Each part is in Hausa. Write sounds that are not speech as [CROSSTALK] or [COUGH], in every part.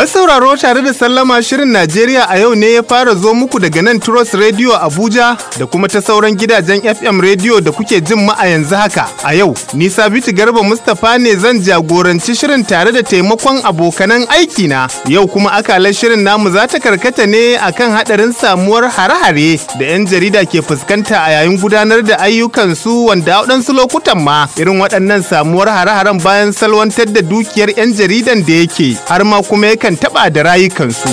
Masu sauraro tare da sallama shirin Najeriya a yau ne ya fara zo muku daga nan trust Radio Abuja da kuma ta sauran gidajen FM Radio da kuke jin mu a yanzu haka. A yau, Nisa Bitu Garba Mustapha ne zan jagoranci shirin tare da taimakon abokanan aiki na. Yau kuma akalar shirin namu za ta karkata ne akan hadarin samuwar hare-hare da 'yan jarida ke fuskanta a yayin gudanar da ayyukansu wanda waɗansu lokutan ma irin waɗannan samuwar hare-haren bayan salwantar da dukiyar 'yan jaridan da yake har ma kuma kan taɓa da rayukansu.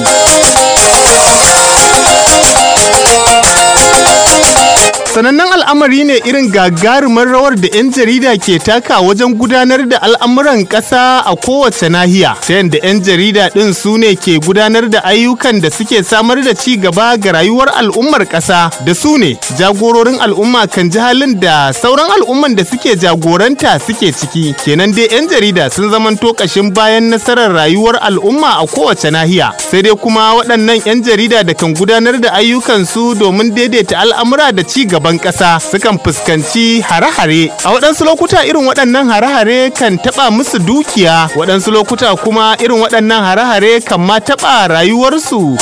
sanannen al'amari ne irin gagarumar rawar da 'yan jarida ke taka wajen gudanar da al'amuran ƙasa a kowace nahiya ta yadda 'yan jarida ɗin su ne ke gudanar da ayyukan da suke samar da ci gaba ga rayuwar al'ummar ƙasa da su ne jagororin al'umma kan ji halin da sauran al'umman da suke jagoranta suke ciki kenan dai 'yan jarida sun zamanto ƙashin bayan nasarar rayuwar al'umma a kowace nahiya sai dai kuma waɗannan 'yan jarida da kan gudanar da ayyukansu domin daidaita al'amura da ci gaba shugaban ƙasa sukan fuskanci hare-hare a waɗansu lokuta irin waɗannan hare-hare kan taɓa musu dukiya waɗansu lokuta kuma irin waɗannan hare-hare kan ma taɓa rayuwarsu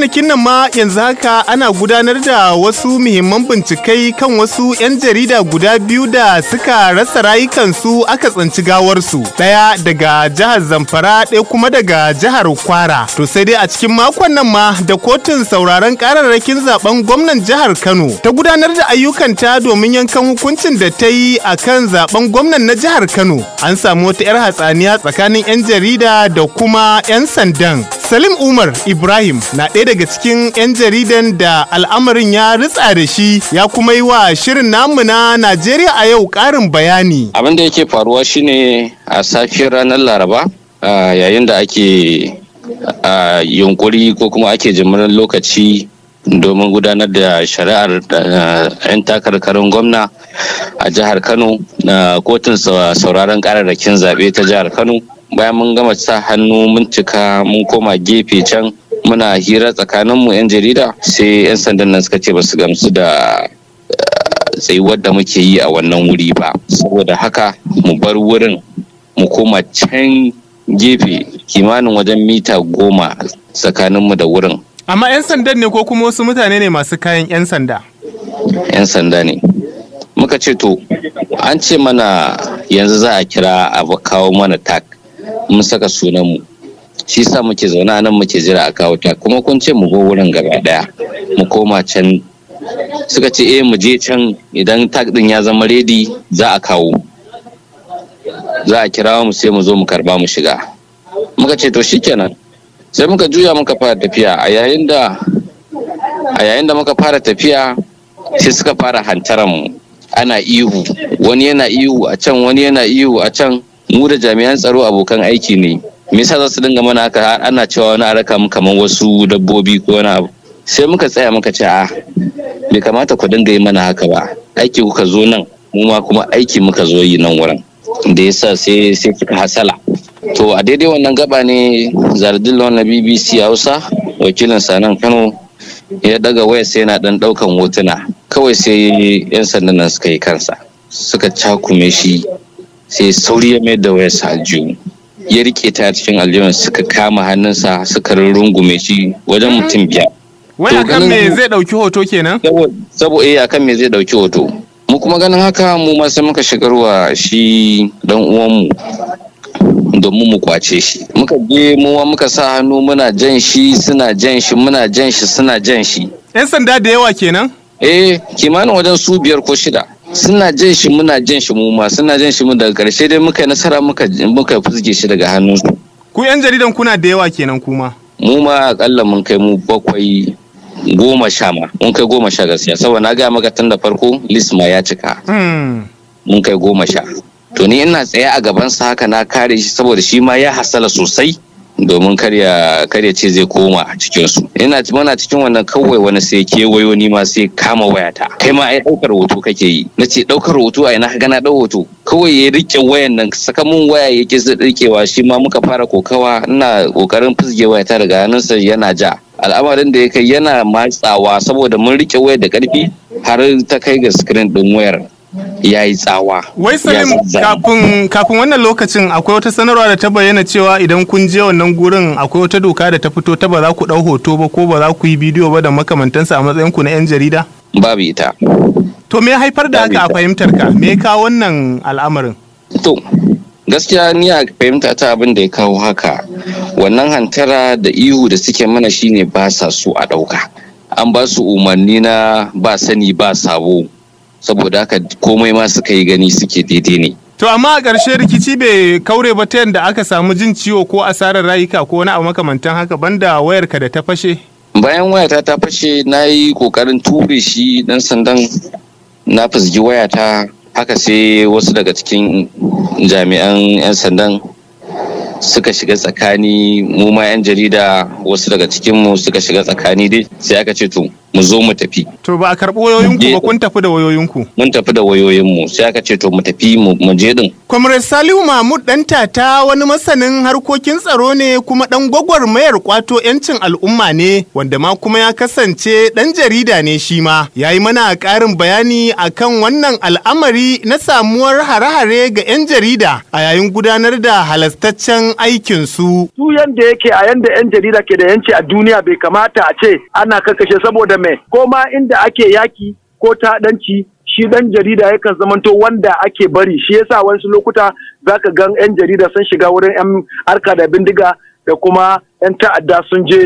kwanakin nan ma yanzu haka ana gudanar da wasu muhimman bincikai kan wasu 'yan jarida guda biyu da suka rasa rayukansu aka tsanci gawarsu ɗaya daga jihar zamfara ɗaya kuma daga jihar kwara to sai dai a cikin makon nan ma da kotun sauraron kararrakin zaben gwamnan jihar kano ta gudanar da ayyukanta domin yankan hukuncin da ta yi a kan zaben gwamnan na jihar kano an samu wata 'yar hatsaniya tsakanin 'yan jarida da kuma 'yan sandan Salim Umar Ibrahim na ɗaya daga cikin 'yan jaridan da al'amarin ya ritsa da shi ya kuma yi wa shirin namu na Najeriya a yau ƙarin bayani. Abin da yake faruwa shine a safiyar ranar Laraba yayin da ake yunkuri ko kuma ake jimirin lokaci domin gudanar da shari'ar 'yan takarkarin gwamna a jihar Kano na kotun sauraron kararrakin zaɓe ta jihar Kano. bayan mun gama sa hannu mun cika mun koma gefe can muna hira tsakaninmu 'yan jarida sai 'yan sandan nan suka ce ba gamsu da eh, tsayuwar da muke yi a wannan wuri ba saboda haka mu bar wurin mu koma can gefe kimanin wajen mita goma tsakaninmu da wurin amma 'yan sandan ne ko kuma wasu mutane ne masu kayan 'yan sanda 'yan sanda ne muka ce to an ce mana yanzu za a kira abu kawo mana tak mun saka sunan mu. shi sa muke zaune nan muke jira a kawo ta kuma kun ce mu go wurin gaba daya mu koma can suka ce eh mu je can idan tag din ya zama ready za a kawo za a kira mu sai mu zo mu karba mu shiga muka ce to shikenan sai muka juya muka fara tafiya a yayin da a yayin da muka fara tafiya sai suka fara hantaran mu ana ihu wani yana ihu a can wani yana ihu a can mu da jami'an tsaro abokan aiki ne me yasa za su dinga mana haka har ana cewa wani araka mu kamar wasu dabbobi ko wani abu sai muka tsaya muka ce a bai kamata ku dinga yi mana haka ba aiki kuka zo nan mu ma kuma aiki muka zo yi nan wurin da yasa sai sai kika hasala to a daidai wannan gaba ne zardilon na bbc hausa wakilin sanan kano ya daga waya sai yana dan daukan hotuna kawai sai yan sandan nan suka yi kansa suka cakume shi sai sauri ya mai da wayarsa aljihu ya rike ta cikin aljihun suka kama hannunsa suka rungume shi wajen mutum biya wai akan eh, me zai dauki hoto kenan saboda eh akan me zai dauki hoto mu kuma ganin haka mu ma sai muka shigarwa shi dan uwanmu domin mu kwace shi muka je muwa muka sa hannu muna jan shi suna jan shi muna jan shi suna jan shi yan sanda da yawa kenan eh kimanin wajen su biyar ko shida suna jin shi muna jin shi mu ma suna jin shi mu daga karshe dai muka nasara muka muka fuzge shi daga su. ku yan jaridan kuna da yawa kenan kuma mu ma akalla mun kai mu bakwai goma sha ma mun kai goma sha gaskiya saboda na ga maka tun da farko list ma ya cika hmm. mun kai goma sha to ni ina tsaye a gaban sa haka na kare shi saboda shi ma ya hasala sosai domin karya ce zai koma cikinsu. cikinsu ina muna cikin wannan kawai wani sai kewayo ni ma sai kama wayata kai ma ai daukar hoto kake yi Na ce daukar hoto ai na ka gana dau hoto kawai ya rike wayan nan saka mun waya yake zai rikewa shi ma muka fara kokawa ina kokarin fizge wayata daga hannunsa yana ja al'amarin da ya kai yana matsawa saboda mun rike waya da karfi har ta kai ga screen din wayar ya yi tsawa. Wai Salim kafin wannan lokacin akwai wata sanarwa da ta bayyana cewa idan kun je wannan gurin akwai wata doka da ta fito ta ba za ku ɗau hoto ba ko ba za ku yi bidiyo ba da makamantansa a matsayin ku na 'yan jarida? Babu ita. To me haifar da haka a fahimtar ka me ka wannan al'amarin? To gaskiya ni a fahimta ta abin da ya kawo haka wannan hantara da ihu da suke mana shine ba sa so a ɗauka. An ba su umarni na ba sani ba sabo. saboda haka komai ma suka yi gani suke daidai ne to amma a ƙarshe rikici bai kaure ba ta yadda aka samu jin ciwo ko asarar rayuka ko wani abu makamantan haka banda wayarka da ta fashe bayan wayata ta fashe na yi ƙoƙarin ture shi ɗan sandan na fizgi wayata haka sai wasu daga cikin jami'an 'yan sandan suka shiga tsakani mu ma 'yan jarida wasu daga cikinmu suka shiga tsakani dai sai aka ce to mu zo mu tafi. To ba a karɓi wayoyinku ba kun tafi da wayoyinku. Mun tafi da wayoyinmu sai aka ce to mu tafi mu je din. Comrade Salihu Mahmud dan tata wani masanin harkokin tsaro ne kuma dan mayar kwato yancin al'umma ne wanda ma kuma ya kasance dan jarida ne shi ma. Ya yi mana ƙarin bayani akan wannan al'amari na samuwar hare-hare ga 'yan jarida a yayin gudanar da halastaccen aikin su. Su yanda yake a yanda 'yan jarida ke da yanci a duniya bai kamata a ce ana karkashe saboda mai ko ma inda ake yaki ko taɗanci, shi ɗan jarida yakan zamanto wanda ake bari shi yasa wasu lokuta zaka gan 'yan jarida sun shiga wurin 'yan harka da bindiga da kuma 'yan ta'adda sun je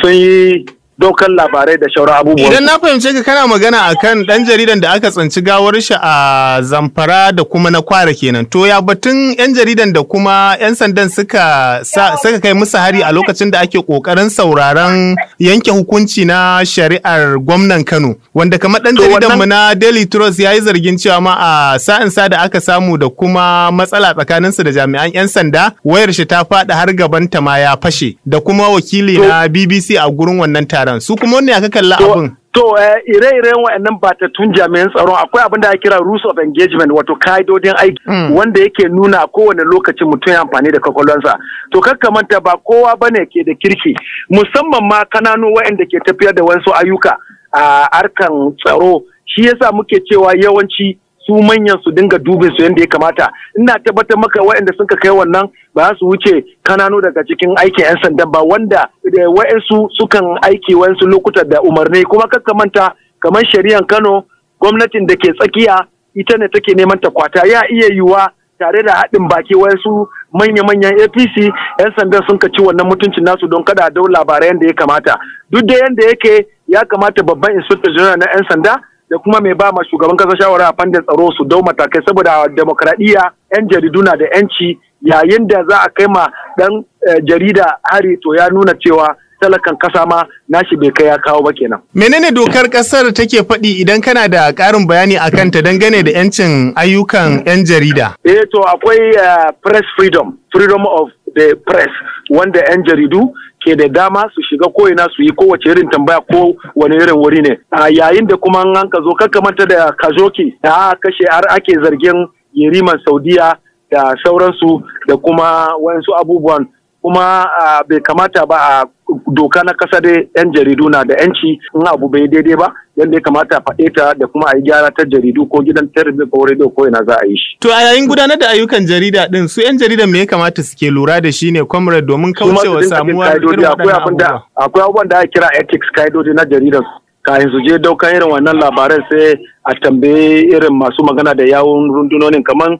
sun yi dokan labarai da shauran abubuwa. Idan na fahimce ka kana magana akan ɗan jaridan da aka tsanci gawar shi a zamfara da kuma na kwara kenan. To ya batun 'yan jaridan da kuma 'yan sandan suka suka kai musu hari a lokacin da ake kokarin sauraron yanke hukunci na shari'ar gwamnan Kano. Wanda kamar ɗan jaridan mu na Daily Trust ya yi zargin cewa ma a sa'in sa da aka samu da kuma matsala tsakanin tsakaninsu da jami'an 'yan sanda wayar shi ta faɗi har gaban ta ma ya fashe da kuma wakili na BBC a gurin wannan taron. yaran su kuma wannan aka ka kalla abin to eh, ire-iren waɗannan batattun jami'an tsaron akwai abin da ya kira rules of engagement wato ka'idodin aiki hmm. wanda yake nuna kowane lokaci mutum ya amfani da kwakwalwansa to manta ba kowa bane ke da kirki musamman ma kananu waɗanda ke tafiyar da wasu ayyuka a harkan tsaro shi yasa muke cewa yawanci su manyan su dinga dubin su yadda ya kamata ina tabbatar maka waɗanda suka kai wannan ba su wuce kananu daga cikin aikin 'yan sandan ba wanda eh, waɗansu sukan aiki wa'yansu lokuta da umarni kuma kakka manta kamar shari'an kano gwamnatin da ke tsakiya ita ne take neman ta kwata ya iya yiwuwa tare da haɗin baki wasu manya-manyan apc 'yan sandan sun ci wannan mutuncin nasu don kada a labarai yadda ya kamata duk da yadda yake ya kamata babban inspector general na 'yan sanda da kuma mai ba ma shugaban kasa shawara a fannin tsaro su dau matakai saboda demokradiyya yan jaridu na da yanci yayin da za a kai ma dan eh, jarida hari to ya nuna cewa talakan kasa ma nashi bai kai ya kawo ba kenan. Menene dokar kasar take faɗi idan kana da ƙarin bayani a kanta dangane da 'yancin ayyukan 'yan jarida? Eh to akwai eh, press freedom, freedom of the press wanda 'yan jaridu ke da dama su shiga ko'ina su yi kowace irin tambaya ko wani irin wuri ne a yayin da kuma an ka zo manta da kazoki da kashe har ake zargin yeriman saudiya da sauransu da kuma wayansu abubuwan kuma bai kamata ba a doka na kasa dai yan jaridu na da yanci in abu bai daidai ba yadda ya kamata a faɗe ta da kuma a yi gyara ta jaridu ko gidan tarihi ko rediyo ko ina za a yi shi. To a yayin gudanar da ayyukan jarida din su yan jarida me ya kamata suke lura da shi ne comrade domin kaucewa samuwa irin waɗannan Akwai abubuwan da ake kira ethics ka'idoji na jaridan kafin su je daukan irin wannan labaran sai a tambayi irin masu magana da yawun rundunonin kamar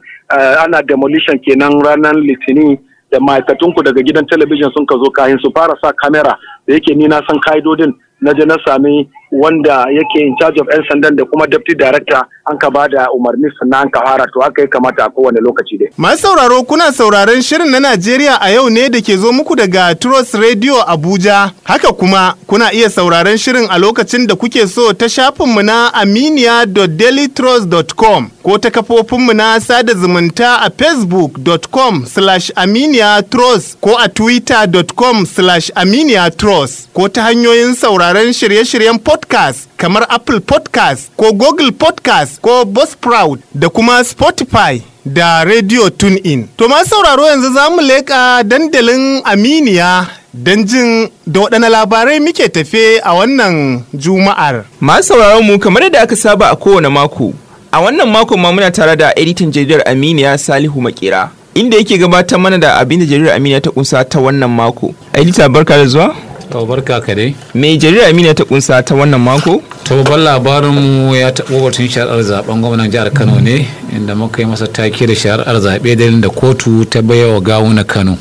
ana demolition kenan ranar litinin da ma'aikatunku daga gidan talabijin sun ka zo kahin su fara sa kamera da yake ni na san ka'idodin na je na sami wanda yake in charge of 'yan sandan da kuma deputy director an ka ba da umarni sannan an ka fara to haka ya kamata a kowane lokaci dai. Masu sauraro kuna sauraron shirin na Najeriya a yau ne da ke zo muku daga Trust Radio Abuja. Haka kuma kuna iya sauraron shirin a lokacin da kuke so ta shafinmu na aminiya.dailytrust.com ko ta kafofinmu na sada zumunta a facebook.com slash aminiyatrust ko a twitter.com slash aminiyatrust ko ta hanyoyin sauraron shirye-shiryen podcast kamar Apple podcast ko Google podcast ko Buzzsprout da kuma Spotify. Da Radio TuneIn. To ma sauraro yanzu za mu leƙa dandalin Aminiya don jin da waɗanne labarai muke tafe a wannan juma'ar. Masu sauraron mu kamar yadda aka saba a kowane mako. A wannan mako ma muna tare da editan jaridar Aminiya Salihu Makera. Inda yake gabatar mana da abin da jaridar Aminiya ta kunsa ta wannan mako. Edita barka da zuwa. To barka ka dai. Me jarida Amina ta kunsa ta wannan mako? To ban labarin mu ya taɓo batun shari'ar zaben gwamnan jihar Kano ne inda muka yi masa take da shari'ar zaɓe da da kotu ta wa gawuna Kano.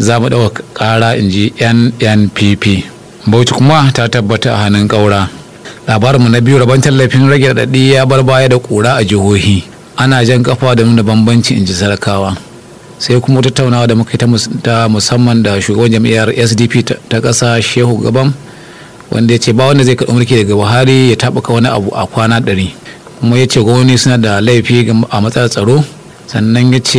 Za mu ɗauka ƙara in ji NNPP. Bauchi kuma ta tabbata a hannun ƙaura. Labarinmu na biyu rabon tallafin rage raɗaɗi ya bar baya da ƙura a jihohi. Ana jan kafa da nuna bambanci in ji sarakawa. sai kuma tattaunawa da muka yi ta musamman da shugaban jam'iyyar sdp ta ƙasa shehu gaban wanda ya ce ba wanda zai karɓi mulki daga buhari ya taɓuka wani abu a kwana ɗari kuma ya ce gwamnati suna da laifi a matsayar tsaro sannan ya ce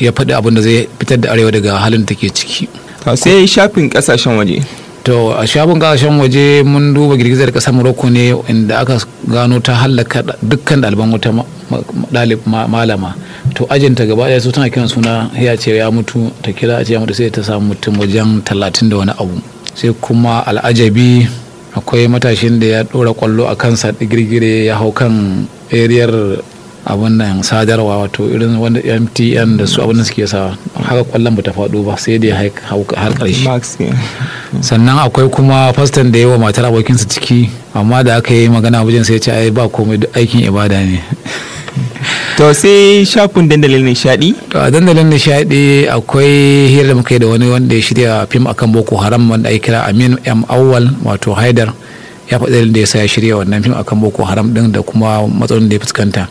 ya faɗi abin da zai fitar da arewa daga halin da take ciki sai shafin ƙasashen waje to a shafin kasashen waje mun duba girgizar kasar morocco ne inda aka gano ta hallaka dukkan ɗaliban wata ɗalib malama to ajinta gaba ɗaya su tana kiran suna ya ce ya mutu ta kira a ce ya mutu sai ta samu mutum wajen talatin da wani abu sai kuma al'ajabi akwai matashin da ya ɗora kwallo a kansa girgire ya hau kan eriyar. abin wannan sadarwa wato irin wanda mtn da su abin da suke sa haka kwallon ta faɗo ba sai dai har ƙarshe sannan akwai kuma fastan da wa matar abokinsa ciki amma da aka yi magana wajen sai ya ce ai ba komai duk aikin ibada ne [LAUGHS] to sai shafin dandalin nishadi a dandalin nishadi akwai hira da muka yi da wani wanda ya shirya fim akan boko haram wanda ake kira amin m awwal wato haidar ya faɗi da ya sa ya shirya wannan fim akan boko haram din da kuma matsalolin da ya fuskanta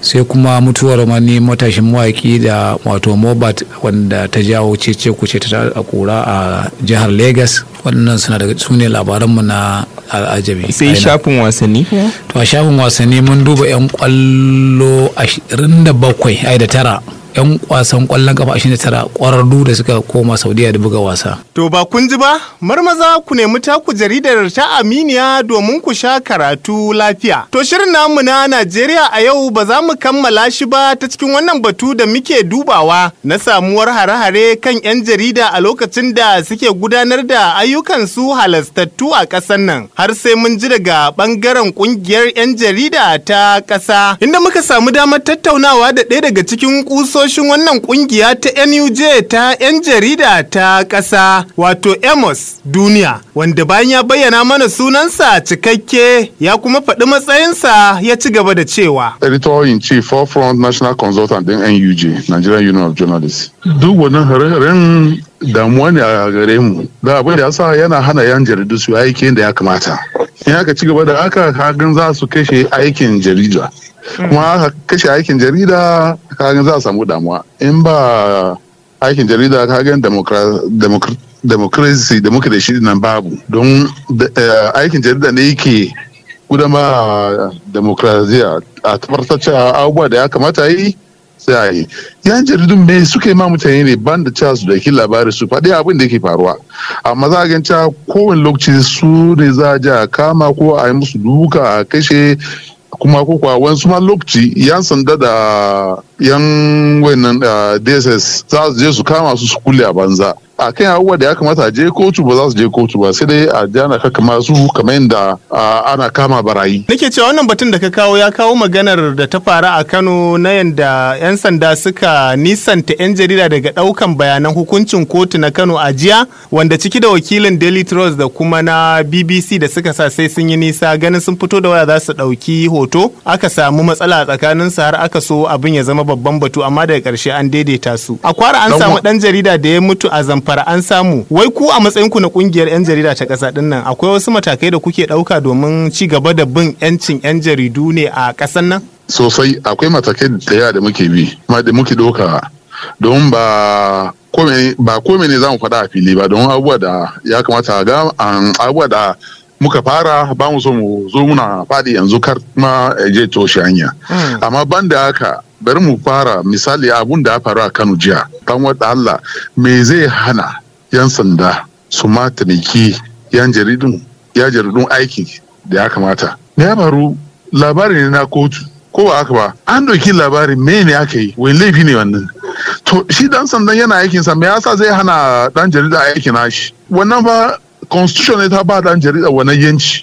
sai kuma mutuwar wani matashin mawaki da wato mobat wanda ta jawo cece ce ta a kura a jihar lagos waɗannan suna daga su ne labaranmu na al'ajabi sai shafin wasanni to a shafin wasanni mun duba 'yan kwallo 27 ai da tara 'yan kwasan kwallon kafa tara, kwararru da suka koma saudiya da buga wasa. To ba kun ji ba, marmaza ku nemi taku jaridar ta Aminiya domin ku sha karatu lafiya. To shirin namu na Najeriya a yau ba za mu kammala shi ba ta cikin wannan batu da muke dubawa na samuwar hare-hare kan 'yan jarida a lokacin da suke gudanar da ayyukansu halastattu a ƙasar nan. Har sai mun ji daga ɓangaren ƙungiyar 'yan jarida ta ƙasa, inda muka samu damar tattaunawa da ɗaya daga cikin ƙuso ofisoshin wannan kungiya ta NUJ ta 'yan jarida ta ƙasa wato Amos Duniya wanda bayan ya bayyana mana sunansa cikakke ya kuma faɗi matsayinsa ya ci gaba da cewa. Editor in Chief Forefront National Consultant ɗin NUJ Nigerian Union of Journalists. Duk wannan hare damuwa ne a gare mu da abin da ya sa yana hana yan jaridu su aikin da ya kamata in aka ci gaba da aka kagan za su kashe aikin jarida kuma aka kashe aikin jarida kagan za a samu damuwa in ba aikin jarida kagan democracy da da nan babu don eh, aikin jarida ne yake gudama demokrasiya a tabbatar abubuwa da ya kamata yi sai a yi yan jaridun me suke ma mutane ne ban da cewa su dauki labari su faɗi abin da yake faruwa amma za a gan cewa kowane lokaci su ne za a ja kama ko a yi musu duka a kashe kuma ko kuwa wani suma lokaci yan sanda da yan wannan ah, dss za su je su kama su su kulle a banza a kan abubuwa da ya kamata a je kotu ba za su je kotu ba sai dai a je ana kama su kamar yadda ana kama barayi. Nake cewa wannan batun da ka kawo ya kawo maganar da ta faru a Kano na yadda 'yan sanda suka nisanta 'yan jarida daga ɗaukan bayanan hukuncin kotu na Kano a jiya wanda ciki da wakilin Daily Trust da kuma na BBC da suka sa sai sun yi nisa ganin sun fito da waya za su ɗauki hoto aka samu matsala tsakanin su har aka so abin ya zama babban batu amma daga ƙarshe an daidaita su. A kwara an samu ɗan jarida da ya mutu a zamfara fara an samu wai ku a matsayin ku na kungiyar yan jarida ta kasa din nan akwai wasu matakai da kuke dauka domin ci gaba da bin yancin yan jaridu ne a kasan nan sosai akwai matakai da yawa da muke bi kuma da muke doka don ba kome ba kome ne za mu faɗa a fili ba don abubuwa da ya kamata a ga abubuwa da muka fara ba mu so mu zo muna faɗi yanzu kar ma eh, je toshe hanya hmm. amma ban da haka bari mu fara misali abun da ya faru a Kano jiya dan wata Allah me zai hana yan sanda su ma taniki yan jaridun ya jaridun aiki da ya kamata ya faru labari ne na kotu ko ba haka ba an ɗauki labari me ne aka yi wani laifi ne wannan to shi dan sandan yana aikinsa me yasa zai hana dan jarida aikin nashi wannan ba constitution 是好比当 jericho，我应该坚持。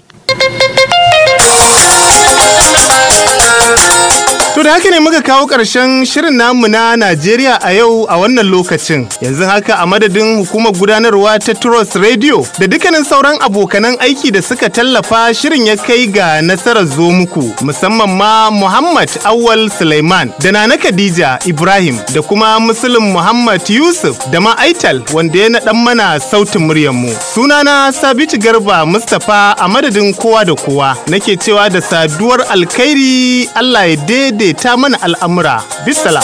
da haka ne muka kawo ƙarshen shirin namu na Najeriya a yau a wannan lokacin. Yanzu haka a madadin hukumar gudanarwa ta Turos Radio da dukkanin sauran abokanan aiki da suka tallafa shirin ya kai ga nasarar zo muku musamman ma Muhammad Awal Suleiman da Nana Khadija Ibrahim da kuma Musulun Muhammad Yusuf da ma Aital wanda ya naɗan mana sautin muryarmu. Sunana Sabitu Garba Mustapha a madadin kowa da kowa nake cewa da saduwar alkhairi Allah ya daidai ta mana al'amura. Bisala.